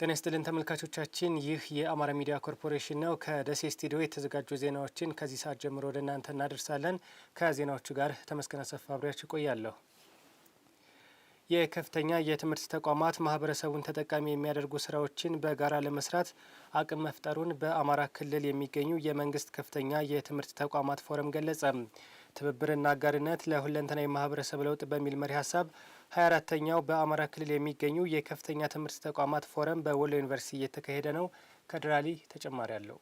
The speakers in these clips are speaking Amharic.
ጤና ይስጥልን ተመልካቾቻችን፣ ይህ የአማራ ሚዲያ ኮርፖሬሽን ነው። ከደሴ ስቱዲዮ የተዘጋጁ ዜናዎችን ከዚህ ሰዓት ጀምሮ ወደ እናንተ እናደርሳለን። ከዜናዎቹ ጋር ተመስገን አሰፋ አብሬያችሁ እቆያለሁ። የከፍተኛ የትምህርት ተቋማት ማህበረሰቡን ተጠቃሚ የሚያደርጉ ስራዎችን በጋራ ለመስራት አቅም መፍጠሩን በአማራ ክልል የሚገኙ የመንግስት ከፍተኛ የትምህርት ተቋማት ፎረም ገለጸ። ትብብርና አጋርነት ለሁለንተና የማህበረሰብ ለውጥ በሚል መሪ ሀሳብ 24ተኛው በአማራ ክልል የሚገኙ የከፍተኛ ትምህርት ተቋማት ፎረም በወሎ ዩኒቨርሲቲ እየተካሄደ ነው። ከድራሊ ተጨማሪ አለው።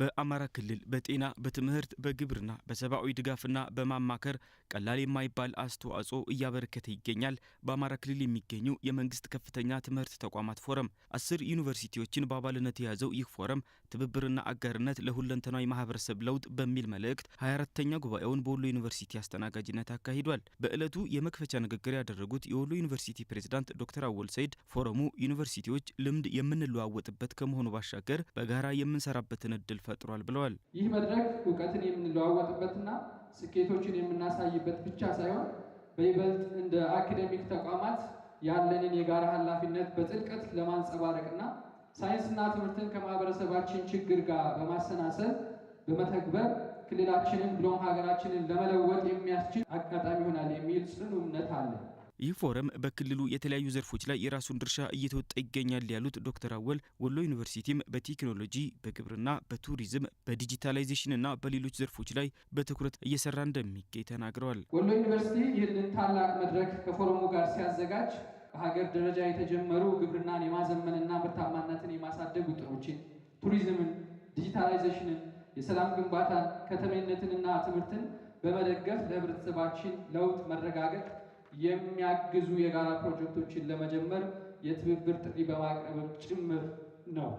በአማራ ክልል በጤና በትምህርት በግብርና በሰብአዊ ድጋፍና በማማከር ቀላል የማይባል አስተዋጽኦ እያበረከተ ይገኛል። በአማራ ክልል የሚገኙ የመንግስት ከፍተኛ ትምህርት ተቋማት ፎረም አስር ዩኒቨርሲቲዎችን በአባልነት የያዘው ይህ ፎረም ትብብርና አጋርነት ለሁለንተናዊ ማህበረሰብ ለውጥ በሚል መልእክት 24ተኛ ጉባኤውን በወሎ ዩኒቨርሲቲ አስተናጋጅነት አካሂዷል። በዕለቱ የመክፈቻ ንግግር ያደረጉት የወሎ ዩኒቨርሲቲ ፕሬዝዳንት ዶክተር አወል ሰይድ ፎረሙ ዩኒቨርሲቲዎች ልምድ የምንለዋወጥበት ከመሆኑ ባሻገር በጋራ የምንሰራበትን እድል ፈጥሯል ብለዋል። ይህ መድረክ እውቀትን የምንለዋወጥበትና ስኬቶችን የምናሳይበት ብቻ ሳይሆን በይበልጥ እንደ አካዴሚክ ተቋማት ያለንን የጋራ ኃላፊነት በጥልቀት ለማንጸባረቅና ሳይንስና ትምህርትን ከማህበረሰባችን ችግር ጋር በማሰናሰብ በመተግበር ክልላችንን ብሎም ሀገራችንን ለመለወጥ የሚያስችል አጋጣሚ ይሆናል የሚል ጽኑ እምነት አለን። ይህ ፎረም በክልሉ የተለያዩ ዘርፎች ላይ የራሱን ድርሻ እየተወጣ ይገኛል ያሉት ዶክተር አወል ወሎ ዩኒቨርሲቲም በቴክኖሎጂ፣ በግብርና፣ በቱሪዝም፣ በዲጂታላይዜሽን እና በሌሎች ዘርፎች ላይ በትኩረት እየሰራ እንደሚገኝ ተናግረዋል። ወሎ ዩኒቨርሲቲ ይህንን ታላቅ መድረክ ከፎረሙ ጋር ሲያዘጋጅ በሀገር ደረጃ የተጀመሩ ግብርናን የማዘመንና ምርታማነትን የማሳደግ ውጥኖችን፣ ቱሪዝምን፣ ዲጂታላይዜሽንን፣ የሰላም ግንባታን፣ ከተሜነትንና ትምህርትን በመደገፍ ለህብረተሰባችን ለውጥ መረጋገጥ የሚያግዙ የጋራ ፕሮጀክቶችን ለመጀመር የትብብር ጥሪ በማቅረብም ጭምር ነው።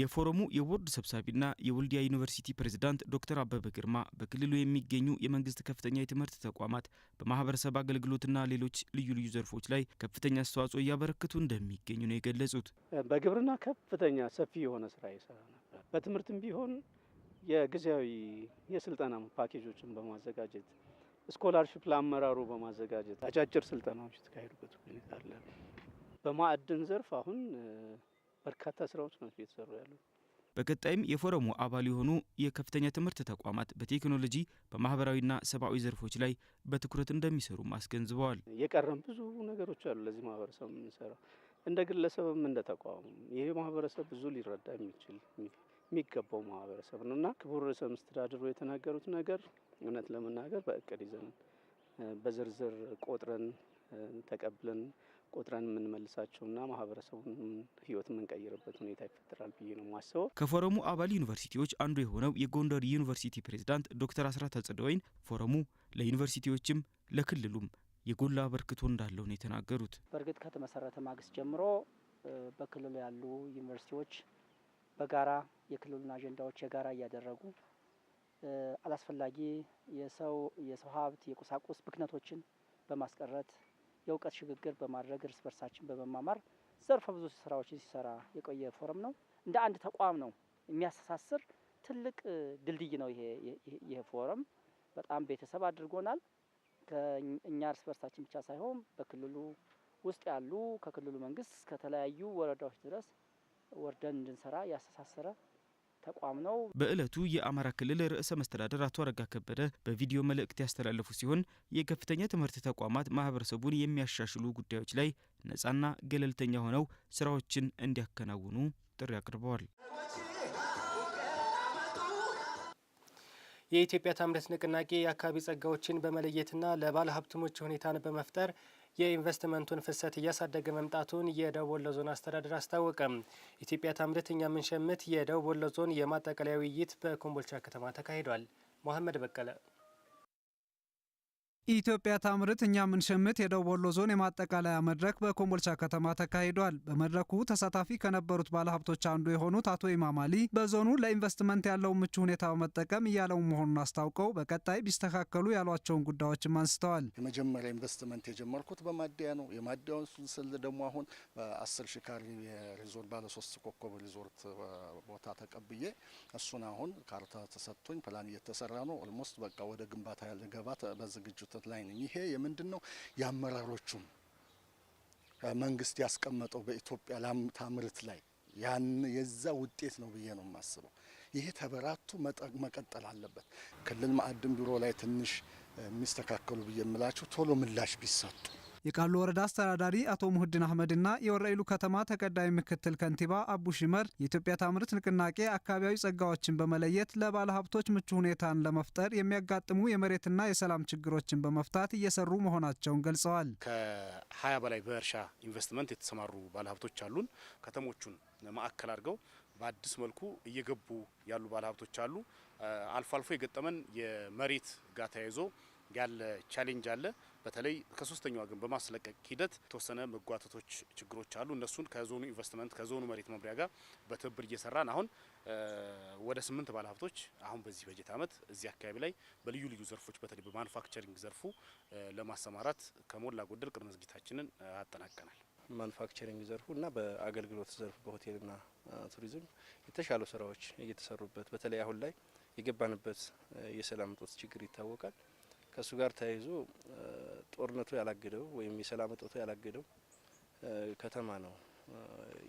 የፎረሙ የቦርድ ሰብሳቢና የወልዲያ ዩኒቨርሲቲ ፕሬዝዳንት ዶክተር አበበ ግርማ በክልሉ የሚገኙ የመንግስት ከፍተኛ የትምህርት ተቋማት በማህበረሰብ አገልግሎትና ሌሎች ልዩ ልዩ ዘርፎች ላይ ከፍተኛ አስተዋጽኦ እያበረከቱ እንደሚገኙ ነው የገለጹት። በግብርና ከፍተኛ ሰፊ የሆነ ስራ ይሰራ ነበር። በትምህርትም ቢሆን የጊዜያዊ የስልጠና ፓኬጆችን በማዘጋጀት ስኮላርሽፕ ለአመራሩ በማዘጋጀት አጫጭር ስልጠናዎች የተካሄዱበት ሁኔታ አለ። በማዕድን ዘርፍ አሁን በርካታ ስራዎች ናቸው እየተሰሩ ያሉ። በቀጣይም የፎረሙ አባል የሆኑ የከፍተኛ ትምህርት ተቋማት በቴክኖሎጂ በማህበራዊና ሰብአዊ ዘርፎች ላይ በትኩረት እንደሚሰሩም አስገንዝበዋል። የቀረም ብዙ ነገሮች አሉ ለዚህ ማህበረሰብ የምንሰራው እንደ ግለሰብም እንደ ተቋሙም ይህ ማህበረሰብ ብዙ ሊረዳ የሚችል የሚገባው ማህበረሰብ ነው እና ክቡር ርዕሰ መስተዳድሩ የተናገሩት ነገር እውነት ለመናገር በእቅድ ይዘን በዝርዝር ቆጥረን ተቀብለን ቆጥረን የምንመልሳቸውና ማህበረሰቡን ህይወት የምንቀይርበት ሁኔታ ይፈጠራል ብዬ ነው የማስበው። ከፎረሙ አባል ዩኒቨርሲቲዎች አንዱ የሆነው የጎንደር ዩኒቨርሲቲ ፕሬዝዳንት ዶክተር አስራት አጸደወይን ፎረሙ ለዩኒቨርሲቲዎችም ለክልሉም የጎላ አበርክቶ እንዳለው ነው የተናገሩት። በእርግጥ ከተመሰረተ ማግስት ጀምሮ በክልሉ ያሉ ዩኒቨርሲቲዎች በጋራ የክልሉን አጀንዳዎች የጋራ እያደረጉ አላስፈላጊ የሰው የሰው ሀብት የቁሳቁስ ብክነቶችን በማስቀረት የእውቀት ሽግግር በማድረግ እርስ በርሳችን በመማማር ዘርፈ ብዙ ስራዎችን ሲሰራ የቆየ ፎረም ነው። እንደ አንድ ተቋም ነው የሚያስተሳስር ትልቅ ድልድይ ነው ይሄ ፎረም። በጣም ቤተሰብ አድርጎናል። ከእኛ እርስ በርሳችን ብቻ ሳይሆን በክልሉ ውስጥ ያሉ ከክልሉ መንግስት ከተለያዩ ወረዳዎች ድረስ ወርደን እንድንሰራ ያስተሳሰረ ተቋም ነው። በዕለቱ የአማራ ክልል ርዕሰ መስተዳደር አቶ አረጋ ከበደ በቪዲዮ መልእክት ያስተላለፉ ሲሆን የከፍተኛ ትምህርት ተቋማት ማህበረሰቡን የሚያሻሽሉ ጉዳዮች ላይ ነፃና ገለልተኛ ሆነው ስራዎችን እንዲያከናውኑ ጥሪ አቅርበዋል። የኢትዮጵያ ታምረት ንቅናቄ የአካባቢ ጸጋዎችን በመለየትና ለባለ ሀብትሞች ሁኔታን በመፍጠር የኢንቨስትመንቱን ፍሰት እያሳደገ መምጣቱን የደቡብ ወሎ ዞን አስተዳደር አስታወቀም። ኢትዮጵያ ታምርት እኛ ምንሸምት የደቡብ ወሎ ዞን የማጠቃለያ ውይይት በኮምቦልቻ ከተማ ተካሂዷል። መሐመድ በቀለ ኢትዮጵያ ታምርት እኛ ምንሸምት የደቡብ ወሎ ዞን የማጠቃለያ መድረክ በኮምቦልቻ ከተማ ተካሂዷል። በመድረኩ ተሳታፊ ከነበሩት ባለሀብቶች አንዱ የሆኑት አቶ ኢማማሊ በዞኑ ለኢንቨስትመንት ያለውን ምቹ ሁኔታ በመጠቀም እያለው መሆኑን አስታውቀው በቀጣይ ቢስተካከሉ ያሏቸውን ጉዳዮችም አንስተዋል። የመጀመሪያ ኢንቨስትመንት የጀመርኩት በማደያ ነው። የማደያውን ስል ደግሞ አሁን በአስር ሺ ካሬ ሪዞርት ባለሶስት ኮከብ ሪዞርት ቦታ ተቀብዬ እሱን አሁን ካርታ ተሰጥቶኝ ፕላን እየተሰራ ነው። ኦልሞስት በቃ ወደ ግንባታ ገባ በዝግጅት በመስጠት ላይ ነኝ። ይሄ የምንድን ነው? የአመራሮቹም መንግስት ያስቀመጠው በኢትዮጵያ ላምታምርት ላይ ያን የዛ ውጤት ነው ብዬ ነው የማስበው። ይሄ ተበራቱ መቀጠል አለበት። ክልል ማዕድን ቢሮ ላይ ትንሽ የሚስተካከሉ ብዬ የምላቸው ቶሎ ምላሽ ቢሰጡ የቃሉ ወረዳ አስተዳዳሪ አቶ ሙህድን አህመድና የወረኢሉ ከተማ ተቀዳሚ ምክትል ከንቲባ አቡ ሽመር የኢትዮጵያ ታምርት ንቅናቄ አካባቢያዊ ጸጋዎችን በመለየት ለባለ ሀብቶች ምቹ ሁኔታን ለመፍጠር የሚያጋጥሙ የመሬትና የሰላም ችግሮችን በመፍታት እየሰሩ መሆናቸውን ገልጸዋል። ከሀያ በላይ በእርሻ ኢንቨስትመንት የተሰማሩ ባለ ሀብቶች አሉን። ከተሞቹን ማዕከል አድርገው በአዲስ መልኩ እየገቡ ያሉ ባለ ሀብቶች አሉ። አልፎ አልፎ የገጠመን የመሬት ጋር ተያይዞ ያለ ቻሌንጅ አለ። በተለይ ከሶስተኛዋ ግን በማስለቀቅ ሂደት የተወሰነ መጓተቶች፣ ችግሮች አሉ። እነሱን ከዞኑ ኢንቨስትመንት ከዞኑ መሬት መምሪያ ጋር በትብብር እየሰራን አሁን ወደ ስምንት ባለሀብቶች አሁን በዚህ በጀት ዓመት እዚህ አካባቢ ላይ በልዩ ልዩ ዘርፎች በተለይ በማኑፋክቸሪንግ ዘርፉ ለማሰማራት ከሞላ ጎደል ቅድመ ዝግጅታችንን አጠናቀናል። ማኑፋክቸሪንግ ዘርፉ እና በአገልግሎት ዘርፍ በሆቴልና ቱሪዝም የተሻሉ ስራዎች እየተሰሩበት በተለይ አሁን ላይ የገባንበት የሰላም እጦት ችግር ይታወቃል። ከእሱ ጋር ተያይዞ ጦርነቱ ያላገደው ወይም የሰላም እጦቱ ያላገደው ከተማ ነው።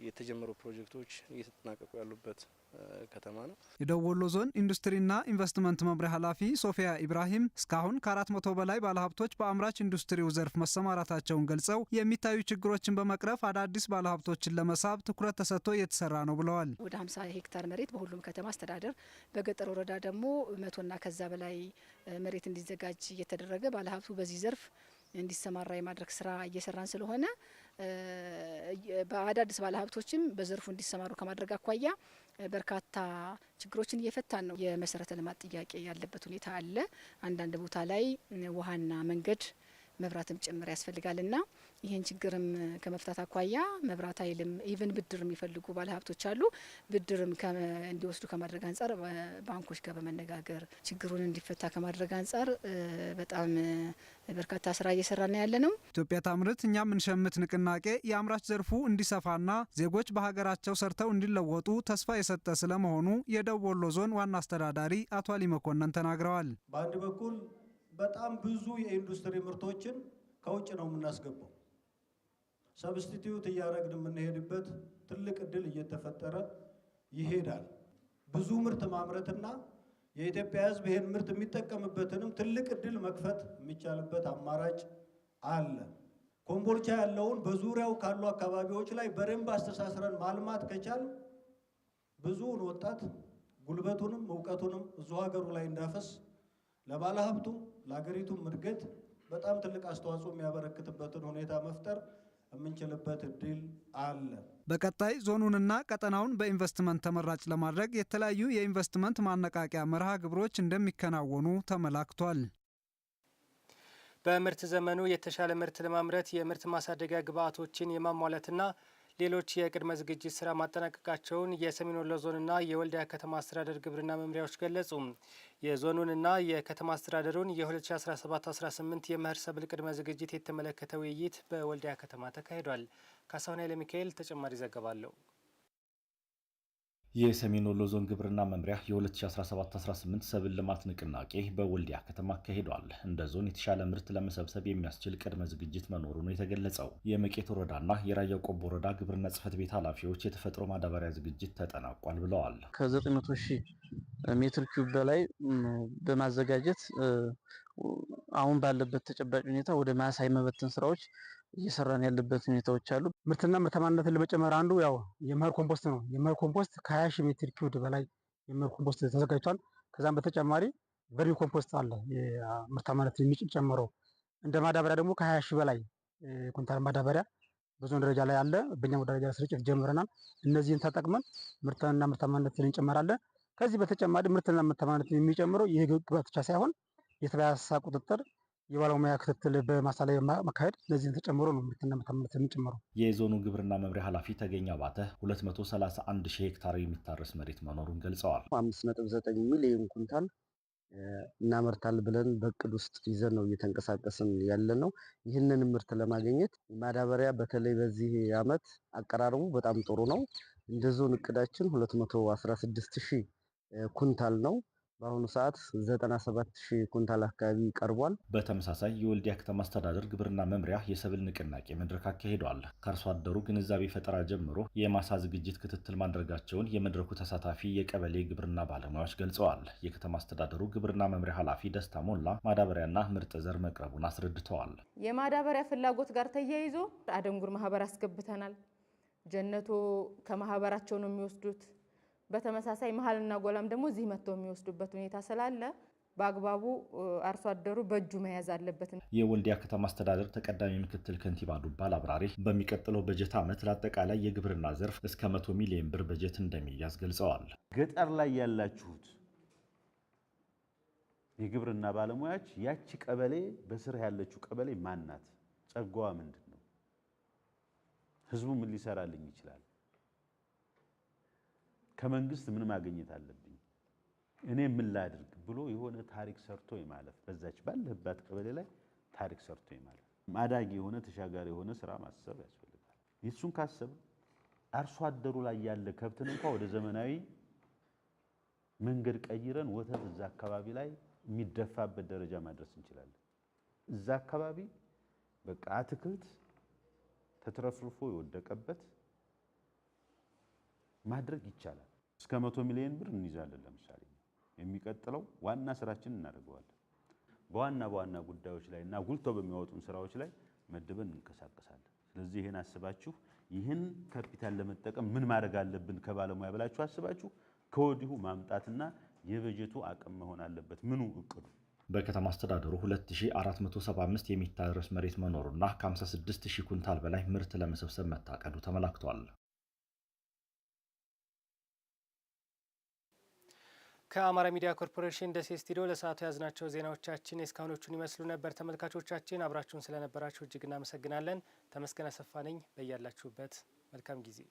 የተጀመሩ ፕሮጀክቶች እየተጠናቀቁ ያሉበት ከተማ ነው። የደቡብ ወሎ ዞን ኢንዱስትሪና ኢንቨስትመንት መምሪያ ኃላፊ ሶፊያ ኢብራሂም እስካሁን ከአራት መቶ በላይ ባለሀብቶች በአምራች ኢንዱስትሪው ዘርፍ መሰማራታቸውን ገልጸው የሚታዩ ችግሮችን በመቅረፍ አዳዲስ ባለሀብቶችን ለመሳብ ትኩረት ተሰጥቶ እየተሰራ ነው ብለዋል። ወደ 50 ሄክታር መሬት በሁሉም ከተማ አስተዳደር፣ በገጠር ወረዳ ደግሞ መቶና ከዛ በላይ መሬት እንዲዘጋጅ እየተደረገ ባለሀብቱ በዚህ ዘርፍ እንዲሰማራ የማድረግ ስራ እየሰራን ስለሆነ በአዳዲስ ባለሀብቶችም በዘርፉ እንዲሰማሩ ከማድረግ አኳያ በርካታ ችግሮችን እየፈታን ነው። የመሰረተ ልማት ጥያቄ ያለበት ሁኔታ አለ። አንዳንድ ቦታ ላይ ውሃና መንገድ መብራትም ጭምር ያስፈልጋልና ይህን ችግርም ከመፍታት አኳያ መብራት ኃይልም ኢቨን ብድር የሚፈልጉ ባለሀብቶች አሉ። ብድርም እንዲወስዱ ከማድረግ አንጻር ባንኮች ጋር በመነጋገር ችግሩን እንዲፈታ ከማድረግ አንጻር በጣም በርካታ ስራ እየሰራ ነው ያለ ነው። ኢትዮጵያ ታምርት እኛም እንሸምት ንቅናቄ የአምራች ዘርፉ እንዲሰፋና ዜጎች በሀገራቸው ሰርተው እንዲለወጡ ተስፋ የሰጠ ስለመሆኑ የደቡብ ወሎ ዞን ዋና አስተዳዳሪ አቶ አሊ መኮንን ተናግረዋል። በአንድ በኩል በጣም ብዙ የኢንዱስትሪ ምርቶችን ከውጭ ነው የምናስገባው ሰብስቲቲዩት እያደረግን የምንሄድበት ትልቅ እድል እየተፈጠረ ይሄዳል። ብዙ ምርት ማምረትና የኢትዮጵያ ሕዝብ ይሄን ምርት የሚጠቀምበትንም ትልቅ እድል መክፈት የሚቻልበት አማራጭ አለ። ኮምቦልቻ ያለውን በዙሪያው ካሉ አካባቢዎች ላይ በደንብ አስተሳስረን ማልማት ከቻል ብዙውን ወጣት ጉልበቱንም እውቀቱንም እዙ ሀገሩ ላይ እንዳፈስ ለባለሀብቱም ለሀገሪቱም እድገት በጣም ትልቅ አስተዋጽኦ የሚያበረክትበትን ሁኔታ መፍጠር የምንችልበት እድል አለ። በቀጣይ ዞኑንና ቀጠናውን በኢንቨስትመንት ተመራጭ ለማድረግ የተለያዩ የኢንቨስትመንት ማነቃቂያ መርሃ ግብሮች እንደሚከናወኑ ተመላክቷል። በምርት ዘመኑ የተሻለ ምርት ለማምረት የምርት ማሳደጊያ ግብዓቶችን የማሟላትና ሌሎች የቅድመ ዝግጅት ስራ ማጠናቀቃቸውን የሰሜን ወሎ ዞንና የወልዲያ ከተማ አስተዳደር ግብርና መምሪያዎች ገለጹ። የዞኑንና የከተማ አስተዳደሩን የ2017/18 የመኸር ሰብል ቅድመ ዝግጅት የተመለከተ ውይይት በወልዲያ ከተማ ተካሂዷል። ካሳሁን ኃይለ ሚካኤል ተጨማሪ ዘገባ የሰሜን ወሎ ዞን ግብርና መምሪያ የ2017-18 ሰብል ልማት ንቅናቄ በወልዲያ ከተማ አካሂዷል። እንደ ዞን የተሻለ ምርት ለመሰብሰብ የሚያስችል ቅድመ ዝግጅት መኖሩ ነው የተገለጸው። የመቄት ወረዳና የራያ ቆቦ ወረዳ ግብርና ጽህፈት ቤት ኃላፊዎች የተፈጥሮ ማዳበሪያ ዝግጅት ተጠናቋል ብለዋል። ከ900 ሺህ ሜትር ኪዩብ በላይ በማዘጋጀት አሁን ባለበት ተጨባጭ ሁኔታ ወደ ማሳይ የመበተን ስራዎች እየሰራን ያለበት ሁኔታዎች አሉ። ምርትና ምርታማነትን ለመጨመር አንዱ ያው የመኸር ኮምፖስት ነው። የመኸር ኮምፖስት ከሀያ ሺህ ሜትር ኪዩድ በላይ የመኸር ኮምፖስት ተዘጋጅቷል። ከዛም በተጨማሪ ቨርሚ ኮምፖስት አለ ምርታማነትን ጨምረው እንደ ማዳበሪያ ደግሞ ከሀያ ሺህ በላይ ኩንታል ማዳበሪያ በዞን ደረጃ ላይ አለ። በእኛም ደረጃ ስርጭት ጀምረናል። እነዚህን ተጠቅመን ምርትና ምርታማነትን እንጨምራለን። ከዚህ በተጨማሪ ምርትና ምርታማነትን የሚጨምረው ይህ ብቻ ሳይሆን የተባይ ቁጥጥር የባለሙያ ክትትል በማሳ ላይ መካሄድ እነዚህን ተጨምሮ ነው ምርትና ምርታማነት የሚጨምሩ። የዞኑ ግብርና መምሪያ ኃላፊ ተገኘ ባተ 231 ሺህ ሄክታር የሚታረስ መሬት መኖሩን ገልጸዋል። 5.9 ሚሊዮን ኩንታል እናመርታል ብለን በእቅድ ውስጥ ይዘን ነው እየተንቀሳቀስን ያለ ነው። ይህንን ምርት ለማግኘት ማዳበሪያ በተለይ በዚህ ዓመት አቀራረቡ በጣም ጥሩ ነው። እንደ ዞን እቅዳችን 216 ሺህ ኩንታል ነው። በአሁኑ ሰዓት 97 ሺህ ኩንታል አካባቢ ቀርቧል። በተመሳሳይ የወልዲያ ከተማ አስተዳደር ግብርና መምሪያ የሰብል ንቅናቄ መድረክ አካሂዷል። ከአርሶ አደሩ ግንዛቤ ፈጠራ ጀምሮ የማሳ ዝግጅት ክትትል ማድረጋቸውን የመድረኩ ተሳታፊ የቀበሌ ግብርና ባለሙያዎች ገልጸዋል። የከተማ አስተዳደሩ ግብርና መምሪያ ኃላፊ ደስታ ሞላ ማዳበሪያና ምርጥ ዘር መቅረቡን አስረድተዋል። የማዳበሪያ ፍላጎት ጋር ተያይዞ አደንጉር ማህበር አስገብተናል። ጀነቶ ከማህበራቸው ነው የሚወስዱት በተመሳሳይ መሀልና ጎላም ደግሞ እዚህ መጥቶ የሚወስዱበት ሁኔታ ስላለ በአግባቡ አርሶ አደሩ በእጁ መያዝ አለበት። የወልዲያ ከተማ አስተዳደር ተቀዳሚ ምክትል ከንቲባ ዱባል አብራሪ በሚቀጥለው በጀት ዓመት ለአጠቃላይ የግብርና ዘርፍ እስከ መቶ ሚሊዮን ብር በጀት እንደሚያዝ ገልጸዋል። ገጠር ላይ ያላችሁት የግብርና ባለሙያች ያቺ ቀበሌ በስር ያለችው ቀበሌ ማናት? ናት? ጸጋዋ ምንድን ነው? ህዝቡ ምን ሊሰራልኝ ይችላል? ከመንግስት ምን ማግኘት አለብኝ እኔ ምን ላድርግ ብሎ የሆነ ታሪክ ሰርቶ የማለፍ በዛች ባለህባት ቀበሌ ላይ ታሪክ ሰርቶ የማለፍ ማዳጊ የሆነ ተሻጋሪ የሆነ ስራ ማሰብ ያስፈልጋል። የሱን ካሰብ አርሶ አደሩ ላይ ያለ ከብትን እንኳ ወደ ዘመናዊ መንገድ ቀይረን ወተት እዛ አካባቢ ላይ የሚደፋበት ደረጃ ማድረስ እንችላለን። እዛ አካባቢ በቃ አትክልት ተትረፍርፎ የወደቀበት ማድረግ ይቻላል። እስከ መቶ ሚሊዮን ብር እንይዛለን። ለምሳሌ የሚቀጥለው ዋና ስራችን እናደርገዋለን። በዋና በዋና ጉዳዮች ላይ እና ጉልቶ በሚያወጡን ስራዎች ላይ መድበን እንንቀሳቀሳለን። ስለዚህ ይህን አስባችሁ ይህን ካፒታል ለመጠቀም ምን ማድረግ አለብን ከባለሙያ ብላችሁ አስባችሁ ከወዲሁ ማምጣትና የበጀቱ አቅም መሆን አለበት። ምኑ እቅዱ በከተማ አስተዳደሩ 2475 የሚታረስ መሬት መኖሩና ከ56000 ኩንታል በላይ ምርት ለመሰብሰብ መታቀዱ ተመላክቷል። ከአማራ ሚዲያ ኮርፖሬሽን ደሴ ስቱዲዮ ለሰዓቱ የያዝናቸው ዜናዎቻችን የእስካሁኖቹን ይመስሉ ነበር። ተመልካቾቻችን አብራችሁን ስለነበራችሁ እጅግ እናመሰግናለን። ተመስገን አሰፋ ነኝ። በያላችሁበት መልካም ጊዜ